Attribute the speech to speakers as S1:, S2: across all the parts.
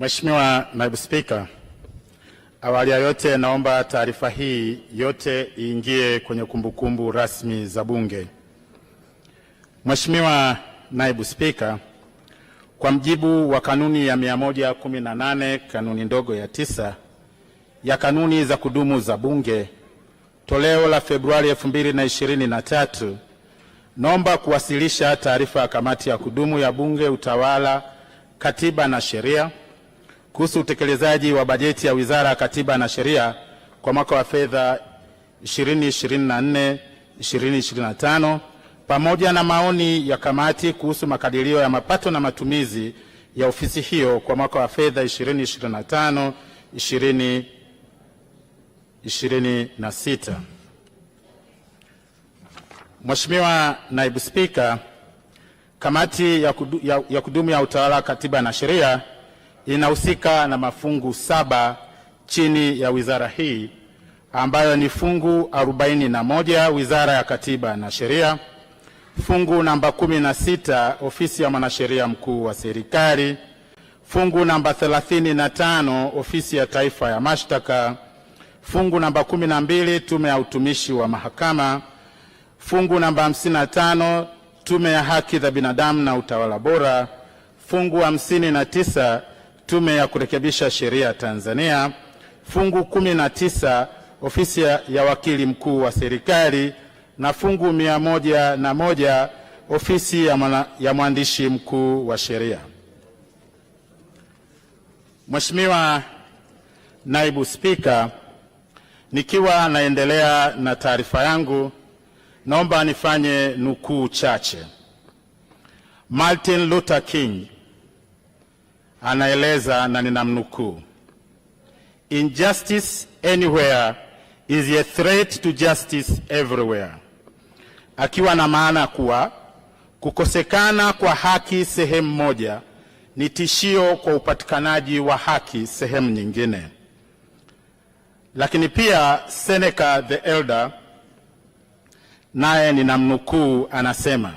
S1: Mheshimiwa Naibu Spika, awali ya yote naomba taarifa hii yote iingie kwenye kumbukumbu rasmi za Bunge. Mheshimiwa Naibu Spika, kwa mjibu wa kanuni ya 118 kanuni ndogo ya tisa ya kanuni za kudumu za Bunge toleo la Februari 2023, naomba kuwasilisha taarifa ya kamati ya kudumu ya Bunge, utawala, katiba na sheria kuhusu utekelezaji wa bajeti ya Wizara ya Katiba na Sheria kwa mwaka wa fedha 2024 2025 pamoja na maoni ya kamati kuhusu makadirio ya mapato na matumizi ya ofisi hiyo kwa mwaka wa fedha 2025 2026. Mheshimiwa Naibu Spika, kamati ya kudumu ya utawala wa katiba na sheria inahusika na mafungu saba chini ya wizara hii ambayo ni fungu 41 Wizara ya Katiba na Sheria, fungu namba 16 Ofisi ya Mwanasheria Mkuu wa Serikali, fungu namba 35 Ofisi ya Taifa ya Mashtaka, fungu namba 12 Tume ya Utumishi wa Mahakama, fungu namba 55 Tume ya Haki za Binadamu na Utawala Bora, fungu 59 Tume ya Kurekebisha Sheria Tanzania fungu 19 ofisi ya wakili mkuu wa serikali na fungu mia moja na moja ofisi ya, ya mwandishi mkuu wa sheria. Mheshimiwa Naibu Spika, nikiwa naendelea na taarifa yangu, naomba nifanye nukuu chache. Martin Luther King anaeleza na ninamnukuu, injustice anywhere is a threat to justice everywhere, akiwa na maana kuwa kukosekana kwa haki sehemu moja ni tishio kwa upatikanaji wa haki sehemu nyingine. Lakini pia Seneca the Elder naye ninamnukuu, anasema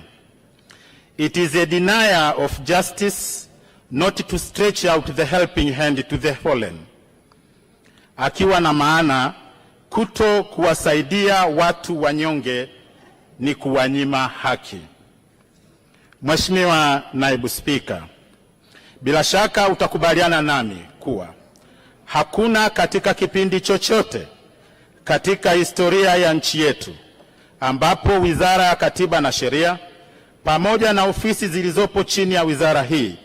S1: it is a denier of justice not to stretch out the helping hand to the fallen, akiwa na maana kuto kuwasaidia watu wanyonge ni kuwanyima haki. Mheshimiwa Naibu Spika, bila shaka utakubaliana nami kuwa hakuna katika kipindi chochote katika historia ya nchi yetu ambapo Wizara ya Katiba na Sheria pamoja na ofisi zilizopo chini ya wizara hii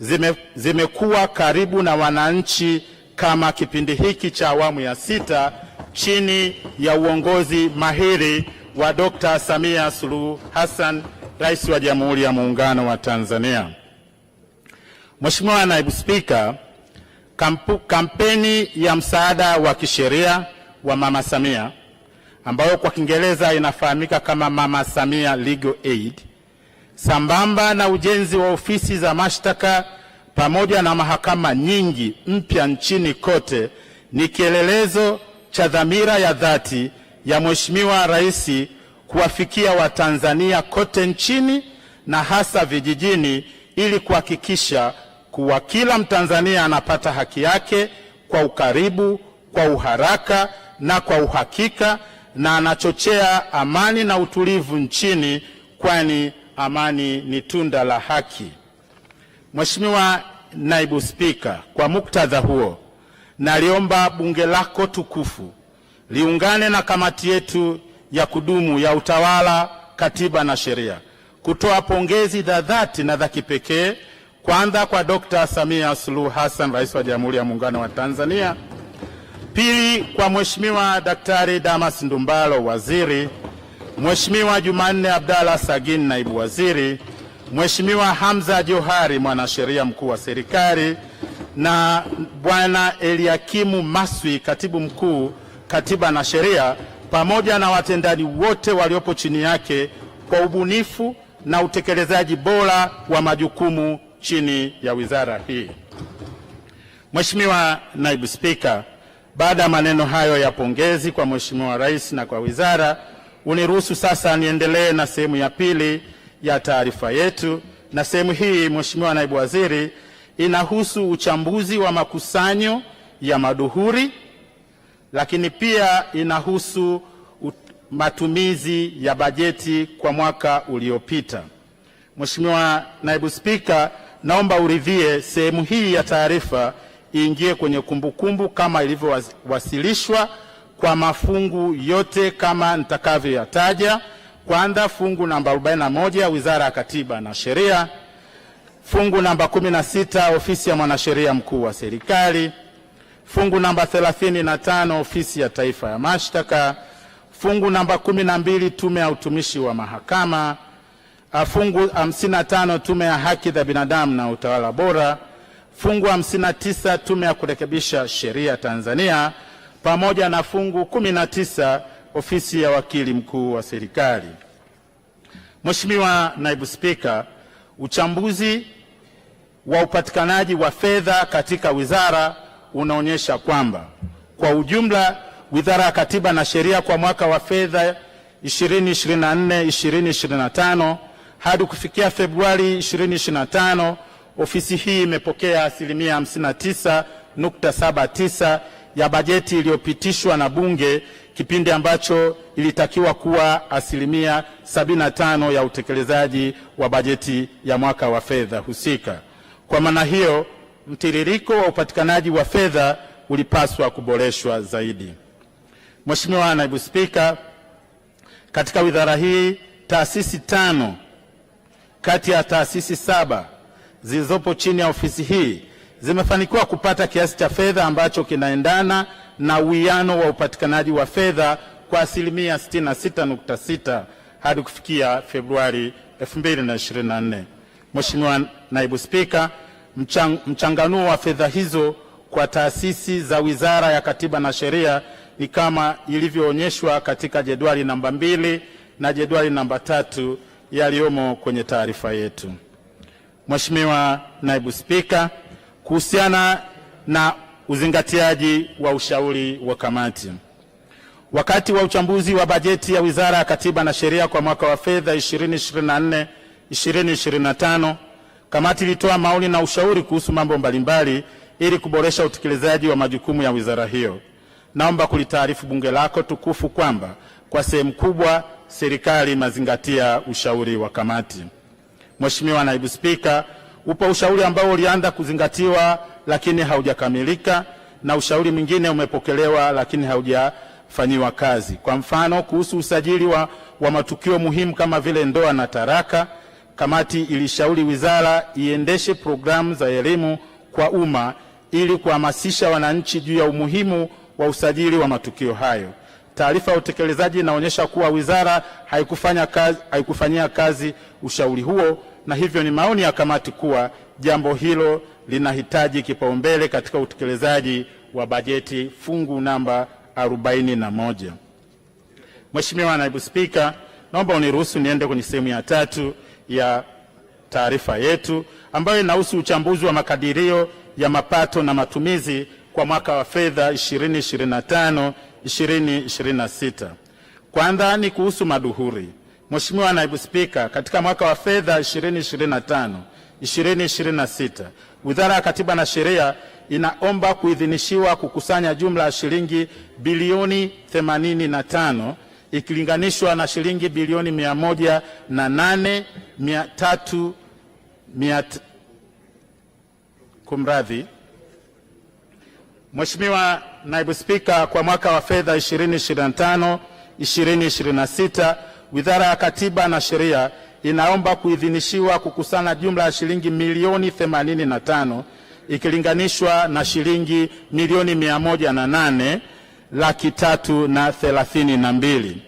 S1: zime, zimekuwa karibu na wananchi kama kipindi hiki cha awamu ya sita chini ya uongozi mahiri wa Dr. Samia Suluhu Hassan, Rais wa Jamhuri ya Muungano wa Tanzania. Mheshimiwa Naibu Spika, kampu, kampeni ya msaada wa kisheria wa Mama Samia ambayo kwa Kiingereza inafahamika kama Mama Samia Legal Aid sambamba na ujenzi wa ofisi za mashtaka pamoja na mahakama nyingi mpya nchini kote, ni kielelezo cha dhamira ya dhati ya Mheshimiwa Rais kuwafikia Watanzania kote nchini na hasa vijijini ili kuhakikisha kuwa kila Mtanzania anapata haki yake kwa ukaribu, kwa uharaka na kwa uhakika na anachochea amani na utulivu nchini kwani amani ni tunda la haki. Mheshimiwa Naibu Spika, kwa muktadha huo naliomba bunge lako tukufu liungane na kamati yetu ya kudumu ya utawala, katiba na sheria kutoa pongezi za dhati na za kipekee kwanza kwa Dkt. Samia Suluhu Hassan, Rais wa Jamhuri ya Muungano wa Tanzania; pili kwa Mheshimiwa Daktari Damas ndumbalo Waziri Mheshimiwa Jumanne Abdalla sagin naibu waziri, Mheshimiwa Hamza Johari, mwanasheria mkuu wa serikali na Bwana Eliakimu Maswi, katibu mkuu katiba na sheria, pamoja na watendaji wote waliopo chini yake kwa ubunifu na utekelezaji bora wa majukumu chini ya wizara hii. Mheshimiwa Naibu Spika, baada ya maneno hayo ya pongezi kwa Mheshimiwa Rais na kwa wizara Uniruhusu sasa niendelee na sehemu ya pili ya taarifa yetu, na sehemu hii, Mheshimiwa Naibu Waziri, inahusu uchambuzi wa makusanyo ya maduhuri, lakini pia inahusu matumizi ya bajeti kwa mwaka uliopita. Mheshimiwa Naibu Spika, naomba uridhie sehemu hii ya taarifa iingie kwenye kumbukumbu kama ilivyowasilishwa kwa mafungu yote kama nitakavyoyataja. Kwanza, fungu namba 41 Wizara ya Katiba na Sheria, fungu namba 16 Ofisi ya Mwanasheria Mkuu wa Serikali, fungu namba 35 Ofisi ya Taifa ya Mashtaka, fungu namba 12 Tume ya Utumishi wa Mahakama, ah, fungu 55 Tume ya Haki za Binadamu na Utawala Bora, fungu 59 Tume ya Kurekebisha Sheria Tanzania pamoja na fungu 19 ofisi ya wakili mkuu wa serikali. Mheshimiwa Naibu Spika, uchambuzi wa upatikanaji wa fedha katika wizara unaonyesha kwamba kwa ujumla Wizara ya Katiba na Sheria kwa mwaka wa fedha 2024 2025 hadi kufikia Februari 2025 ofisi hii imepokea asilimia 59.79 ya bajeti iliyopitishwa na Bunge kipindi ambacho ilitakiwa kuwa asilimia 75 ya utekelezaji wa bajeti ya mwaka wa fedha husika. Kwa maana hiyo, mtiririko wa upatikanaji wa fedha ulipaswa kuboreshwa zaidi. Mheshimiwa Naibu Spika, katika wizara hii taasisi tano kati ya taasisi saba zilizopo chini ya ofisi hii zimefanikiwa kupata kiasi cha fedha ambacho kinaendana na uwiano wa upatikanaji wa fedha kwa asilimia 66.6 hadi kufikia Februari 2024. Mheshimiwa Naibu Spika, mchang, mchanganuo wa fedha hizo kwa taasisi za Wizara ya Katiba na Sheria ni kama ilivyoonyeshwa katika jedwali namba mbili na jedwali namba tatu yaliyomo kwenye taarifa yetu. Mheshimiwa Naibu Spika, kuhusiana na uzingatiaji wa ushauri wa kamati. Wakati wa uchambuzi wa bajeti ya Wizara ya Katiba na Sheria kwa mwaka wa fedha 2024 2025, kamati ilitoa maoni na ushauri kuhusu mambo mbalimbali ili kuboresha utekelezaji wa majukumu ya wizara hiyo. Naomba kulitaarifu bunge lako tukufu kwamba kwa sehemu kubwa serikali imezingatia ushauri wa kamati. Mheshimiwa Naibu Spika, Upo ushauri ambao ulianza kuzingatiwa lakini haujakamilika na ushauri mwingine umepokelewa lakini haujafanyiwa kazi. Kwa mfano, kuhusu usajili wa, wa matukio muhimu kama vile ndoa na taraka, kamati ilishauri wizara iendeshe programu za elimu kwa umma ili kuhamasisha wananchi juu ya umuhimu wa usajili wa matukio hayo. Taarifa ya utekelezaji inaonyesha kuwa wizara haikufanya kazi, haikufanyia kazi ushauri huo na hivyo ni maoni ya kamati kuwa jambo hilo linahitaji kipaumbele katika utekelezaji wa bajeti fungu namba 41. Mheshimiwa Naibu Spika, naomba uniruhusu niende kwenye sehemu ya tatu ya taarifa yetu ambayo inahusu uchambuzi wa makadirio ya mapato na matumizi kwa mwaka wa fedha 2025 2026. Kwanza ni kuhusu maduhuri. Mheshimiwa Naibu Spika, katika mwaka wa fedha 2025 2026 Wizara ya Katiba na Sheria inaomba kuidhinishiwa kukusanya jumla ya shilingi bilioni 85 ikilinganishwa na shilingi bilioni 300 kumradhi. Mheshimiwa Naibu Spika, kwa mwaka wa fedha 2025 2026 Wizara ya Katiba na Sheria inaomba kuidhinishiwa kukusanya jumla ya shilingi milioni 85 ikilinganishwa na shilingi milioni 108 laki tatu na thelathini na mbili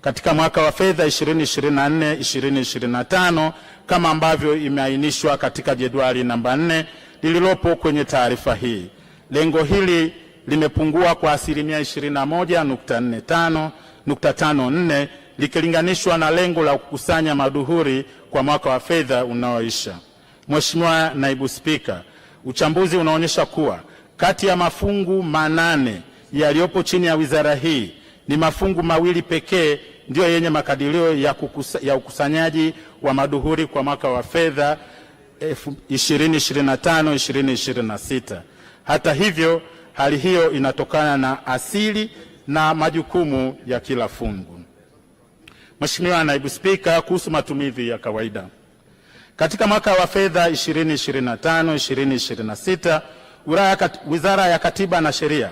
S1: katika mwaka wa fedha 2024 2025 kama ambavyo imeainishwa katika jedwali namba 4 lililopo kwenye taarifa hii. Lengo hili limepungua kwa asilimia 21.54 likilinganishwa na lengo la kukusanya maduhuri kwa mwaka wa fedha unaoisha. Mheshimiwa Naibu Spika, uchambuzi unaonyesha kuwa kati ya mafungu manane yaliyopo chini ya wizara hii ni mafungu mawili pekee ndiyo yenye makadirio ya, kukusa, ya ukusanyaji wa maduhuri kwa mwaka wa fedha 2025/2026. Hata hivyo, hali hiyo inatokana na asili na majukumu ya kila fungu. Mheshimiwa Naibu Spika, kuhusu matumizi ya kawaida katika mwaka wa fedha 2025 2026 Wizara ya Katiba na Sheria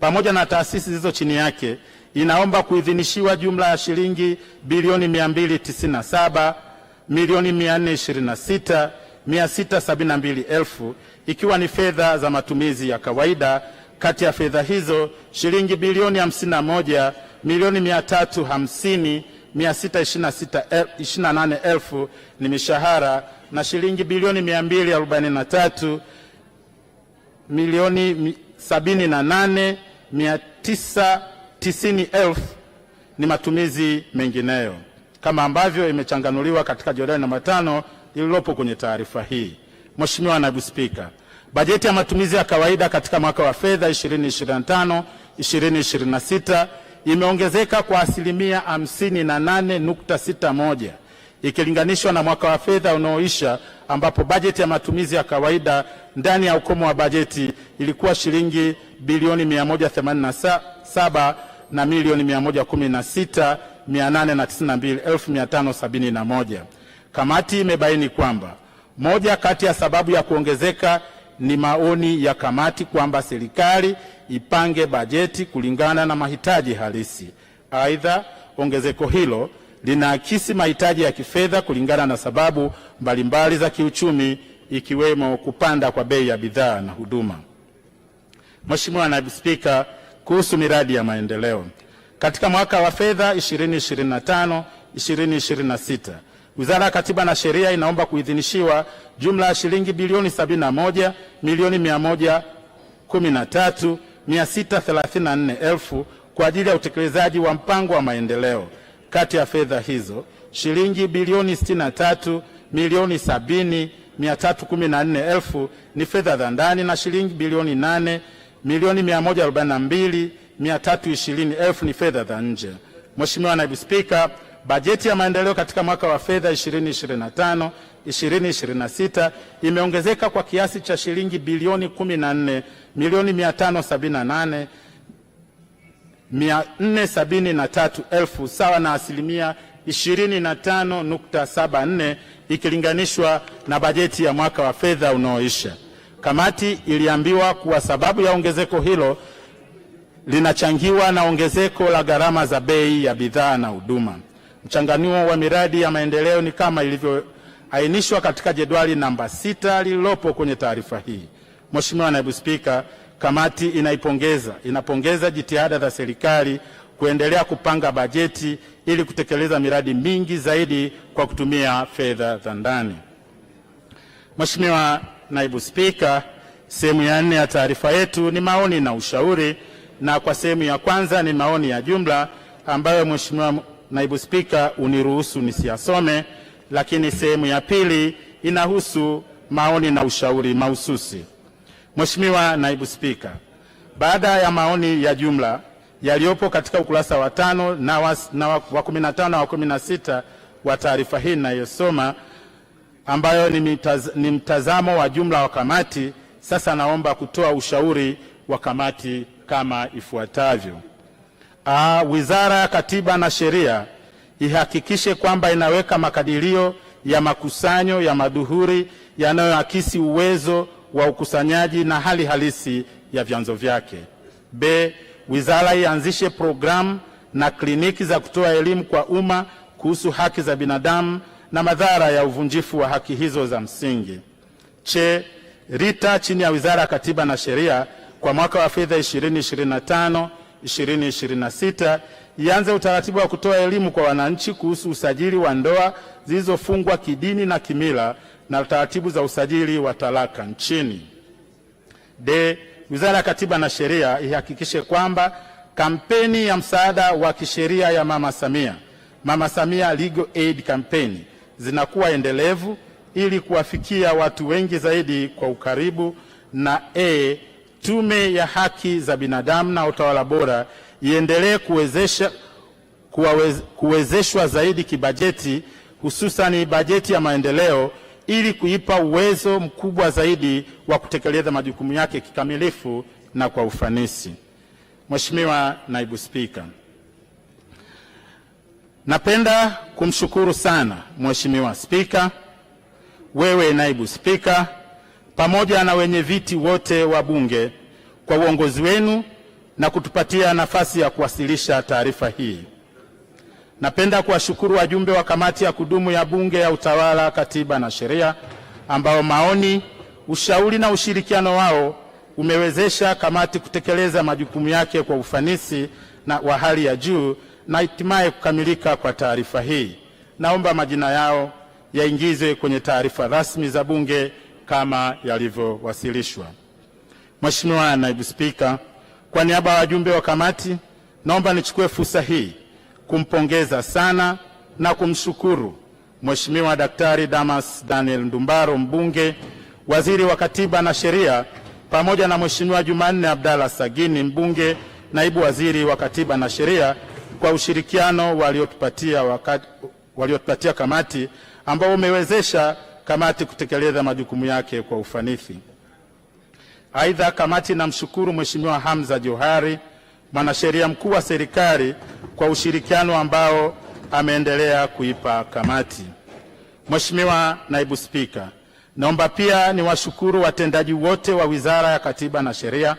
S1: pamoja na taasisi zilizo chini yake inaomba kuidhinishiwa jumla ya shilingi bilioni 297 milioni 426 ikiwa ni fedha za matumizi ya kawaida. Kati ya fedha hizo shilingi bilioni 51 milioni 350 628,000 eh, ni mishahara na shilingi bilioni 243 milioni 78,990,000 ni matumizi mengineyo kama ambavyo imechanganuliwa katika jadala namba tano lililopo kwenye taarifa hii. Mheshimiwa Naibu Spika, bajeti ya matumizi ya kawaida katika mwaka wa fedha 2025 2026 imeongezeka kwa asilimia 58.61 ikilinganishwa na mwaka wa fedha unaoisha ambapo bajeti ya matumizi ya kawaida ndani ya ukomo wa bajeti ilikuwa shilingi bilioni 187 na milioni 116,892,571. Kamati imebaini kwamba moja kati ya sababu ya kuongezeka ni maoni ya kamati kwamba serikali ipange bajeti kulingana na mahitaji halisi. Aidha, ongezeko hilo linaakisi mahitaji ya kifedha kulingana na sababu mbalimbali za kiuchumi ikiwemo kupanda kwa bei ya bidhaa na huduma. Mheshimiwa Naibu Spika, kuhusu miradi ya maendeleo katika mwaka wa fedha 2025 2026 Wizara ya Katiba na Sheria inaomba kuidhinishiwa jumla ya shilingi bilioni 71 milioni 113 634,000 kwa ajili ya utekelezaji wa mpango wa maendeleo. Kati ya fedha hizo shilingi bilioni 63 milioni 70,314,000 ni fedha za ndani na shilingi bilioni 8 milioni 142,320,000 ni fedha za nje. Mheshimiwa Naibu Spika, bajeti ya maendeleo katika mwaka wa fedha 2025 2026 imeongezeka kwa kiasi cha shilingi bilioni 14 milioni 578 sawa na asilimia 25.74 ikilinganishwa na bajeti ya mwaka wa fedha unaoisha. Kamati iliambiwa kuwa sababu ya ongezeko hilo linachangiwa na ongezeko la gharama za bei ya bidhaa na huduma. Mchanganuo wa miradi ya maendeleo ni kama ilivyoainishwa katika jedwali namba sita lililopo kwenye taarifa hii. Mheshimiwa Naibu Spika, kamati inaipongeza inapongeza jitihada za serikali kuendelea kupanga bajeti ili kutekeleza miradi mingi zaidi kwa kutumia fedha za ndani. Mheshimiwa Naibu Spika, sehemu ya nne ya taarifa yetu ni maoni na ushauri, na kwa sehemu ya kwanza ni maoni ya jumla ambayo Mheshimiwa Naibu Spika uniruhusu nisiyasome, lakini sehemu ya pili inahusu maoni na ushauri mahususi. Mheshimiwa Naibu Spika, baada ya maoni ya jumla yaliyopo katika ukurasa wa tano na wa 15 na wa 16 wa taarifa hii ninayosoma ambayo ni, mitaz, ni mtazamo wa jumla wa kamati. Sasa naomba kutoa ushauri wa kamati kama ifuatavyo. Aa, Wizara ya Katiba na Sheria ihakikishe kwamba inaweka makadirio ya makusanyo ya maduhuri yanayoakisi uwezo wa ukusanyaji na hali halisi ya vyanzo vyake. B, wizara ianzishe programu na kliniki za kutoa elimu kwa umma kuhusu haki za binadamu na madhara ya uvunjifu wa haki hizo za msingi. ch RITA chini ya Wizara ya Katiba na Sheria kwa mwaka wa fedha 2025 2026 ianze utaratibu wa kutoa elimu kwa wananchi kuhusu usajili wa ndoa zilizofungwa kidini na kimila na taratibu za usajili wa talaka nchini. D. Wizara ya Katiba na Sheria ihakikishe kwamba kampeni ya msaada wa kisheria ya Mama Samia, Mama Samia Legal Aid Campaign zinakuwa endelevu ili kuwafikia watu wengi zaidi kwa ukaribu. Na e, Tume ya Haki za Binadamu na Utawala Bora iendelee kuwezesha kuwezeshwa zaidi kibajeti, hususani bajeti ya maendeleo ili kuipa uwezo mkubwa zaidi wa kutekeleza majukumu yake kikamilifu na kwa ufanisi. Mheshimiwa Naibu Spika, napenda kumshukuru sana Mheshimiwa Spika, wewe Naibu Spika, pamoja na wenye viti wote wa Bunge kwa uongozi wenu na kutupatia nafasi ya kuwasilisha taarifa hii. Napenda kuwashukuru wajumbe wa kamati ya kudumu ya Bunge ya Utawala, Katiba na Sheria ambao maoni, ushauri na ushirikiano wao umewezesha kamati kutekeleza majukumu yake kwa ufanisi na wa hali ya juu na hatimaye kukamilika kwa taarifa hii. Naomba majina yao yaingizwe kwenye taarifa rasmi za Bunge kama yalivyowasilishwa. Mheshimiwa Naibu Spika, kwa niaba ya wajumbe wa kamati, naomba nichukue fursa hii kumpongeza sana na kumshukuru Mheshimiwa Daktari Damas Daniel Ndumbaro, mbunge, waziri wa Katiba na Sheria, pamoja na Mheshimiwa Jumanne Abdalla Sagini, mbunge, naibu waziri wa Katiba na Sheria, kwa ushirikiano waliotupatia wakati, waliotupatia kamati ambao umewezesha kamati kutekeleza majukumu yake kwa ufanisi. Aidha, kamati namshukuru Mheshimiwa Hamza Johari mwanasheria mkuu wa serikali kwa ushirikiano ambao ameendelea kuipa kamati. Mheshimiwa Naibu Spika, naomba pia niwashukuru watendaji wote wa Wizara ya Katiba na Sheria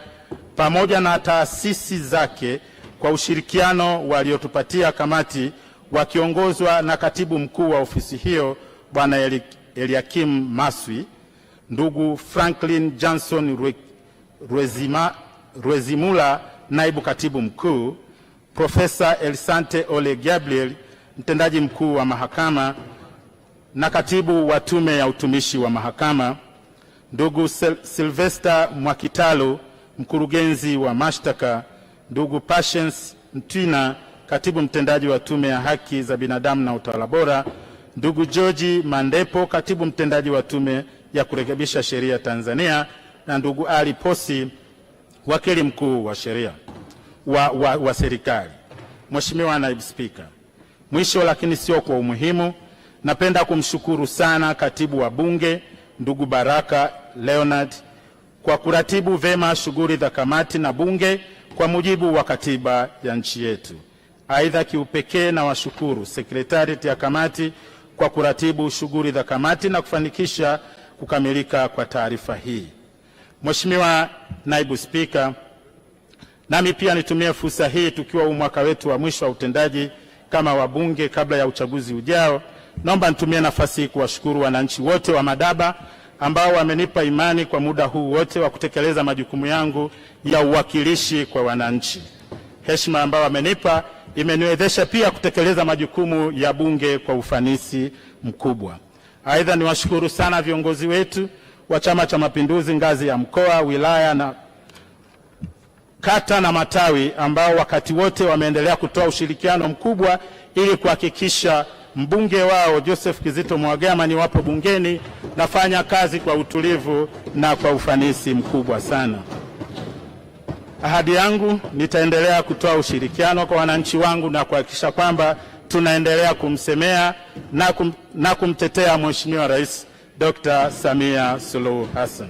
S1: pamoja na taasisi zake kwa ushirikiano waliotupatia kamati wakiongozwa na Katibu Mkuu wa ofisi hiyo Bwana Eliakim Maswi, ndugu Franklin Johnson Rwezimula naibu katibu mkuu, Profesa Elisante Ole Gabriel, mtendaji mkuu wa mahakama na katibu wa tume ya utumishi wa mahakama, ndugu Sylvester Mwakitalo, mkurugenzi wa mashtaka, ndugu Patience Mtwina, katibu mtendaji wa tume ya haki za binadamu na utawala bora, ndugu George Mandepo, katibu mtendaji wa tume ya kurekebisha sheria Tanzania, na ndugu Ali Posi Wakili mkuu wa sheria wa, wa, wa serikali. Mheshimiwa naibu Spika, mwisho lakini sio kwa umuhimu, napenda kumshukuru sana katibu wa Bunge ndugu Baraka Leonard kwa kuratibu vema shughuli za kamati na Bunge kwa mujibu wa katiba ya nchi yetu. Aidha, kiupekee na washukuru sekretarieti ya kamati kwa kuratibu shughuli za kamati na kufanikisha kukamilika kwa taarifa hii. Mheshimiwa Naibu Spika, nami pia nitumie fursa hii tukiwa huu mwaka wetu wa mwisho wa utendaji kama wabunge kabla ya uchaguzi ujao, naomba nitumie nafasi hii kuwashukuru wananchi wote wa Madaba ambao wamenipa imani kwa muda huu wote wa kutekeleza majukumu yangu ya uwakilishi kwa wananchi. Heshima ambayo wamenipa imeniwezesha pia kutekeleza majukumu ya bunge kwa ufanisi mkubwa. Aidha, niwashukuru sana viongozi wetu wa Chama cha Mapinduzi ngazi ya mkoa, wilaya na kata na matawi ambao wakati wote wameendelea kutoa ushirikiano mkubwa ili kuhakikisha mbunge wao Joseph Kizito ni wapo bungeni nafanya kazi kwa utulivu na kwa ufanisi mkubwa sana. Ahadi yangu, nitaendelea kutoa ushirikiano kwa wananchi wangu na kuhakikisha kwamba tunaendelea kumsemea na, kum, na kumtetea Mheshimiwa Rais Dr. Samia Suluhu Hassan.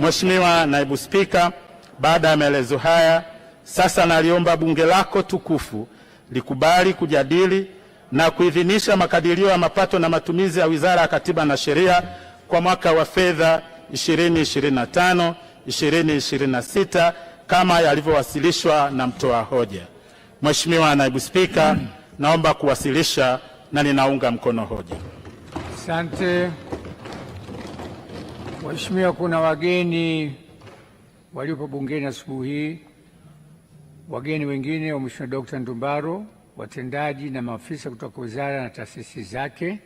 S1: Mheshimiwa Naibu Spika, baada ya maelezo haya, sasa naliomba bunge lako tukufu likubali kujadili na kuidhinisha makadirio ya mapato na matumizi ya Wizara ya Katiba na Sheria kwa mwaka wa fedha 2025 2026 kama yalivyowasilishwa na mtoa hoja. Mheshimiwa Naibu Spika, naomba kuwasilisha na ninaunga mkono hoja.
S2: Asante. Mheshimiwa, kuna wageni waliopo bungeni asubuhi hii, wageni wengine wa Mheshimiwa Dkt. Ndumbaro, watendaji na maafisa kutoka wizara na taasisi zake.